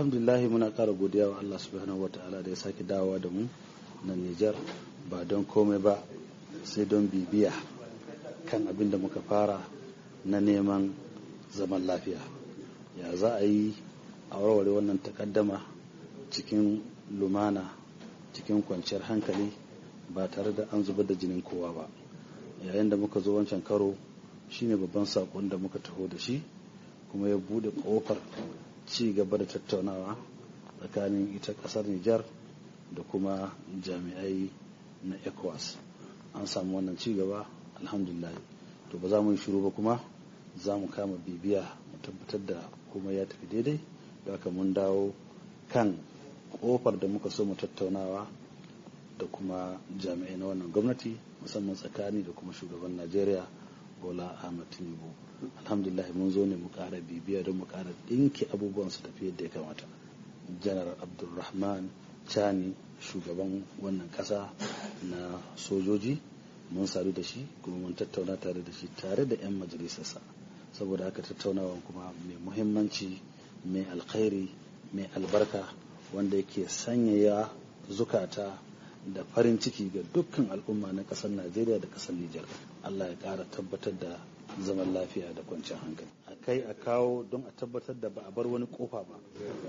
alhamdulillah muna kara godiya wa Allah subhanahu wataala da ya sake dawowa da mu na Nijar ba don komai ba sai don bibiya kan abin da muka fara na neman zaman lafiya ya za a yi a warware wannan takaddama cikin lumana cikin kwanciyar hankali ba tare da an zubar da jinin kowa ba yayin da muka zo wancan karo shine babban sakon da muka taho da shi kuma ya bude kofar ci gaba da tattaunawa tsakanin ita kasar Nijar da kuma jami'ai na ECOWAS an samu wannan ci gaba alhamdulillah to ba za mu yi shiru ba kuma za mu kama bibiya mu tabbatar da kuma ya tafi daidai da haka mun dawo kan kofar da muka so mu tattaunawa da kuma jami'ai na wannan gwamnati musamman tsakani da kuma shugaban najeriya bola ahmad tinubu alhamdulillah mun zo ne mu kara bibiya don mu kara dinki abubuwan su tafi da ya kamata janar abdulrahman chani shugaban wannan kasa na sojoji mun sadu da shi kuma mun tattauna tare da shi tare da 'yan majalisarsa saboda haka tattaunawa kuma mai muhimmanci mai alkhairi mai albarka wanda yake sanyaya zukata da farin ciki ga dukkan al'umma na ƙasar najeriya da ƙasar nijar allah ya ƙara tabbatar da zaman lafiya da kwanciyar hankali a kai a kawo don a tabbatar da ba a bar wani kofa ba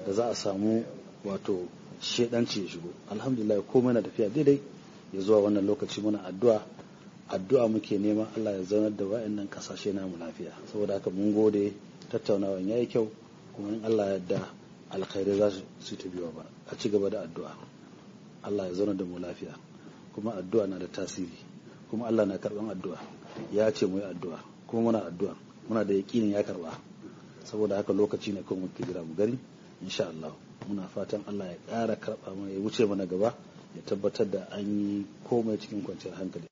da za a samu wato shedanci ya shigo alhamdulillah komai na tafiya daidai ya zuwa wannan lokaci muna addu'a addu'a muke neman Allah ya zaunar da wa'annan kasashe na mu lafiya saboda haka mun gode tattaunawan yayi kyau kuma in Allah ya yarda alkhairi za su ta biyo ba a ci gaba da addu'a Allah ya zaunar da mu lafiya kuma addu'a na da tasiri kuma Allah na karban addu'a ya ce mu yi addu'a kuma muna addu'a muna da yakinin ya karba saboda haka lokaci ne kuma muke jira mu gani insha Allah muna fatan Allah ya ƙara karba mana ya wuce mana gaba ya tabbatar da an yi komai cikin kwanciyar hankali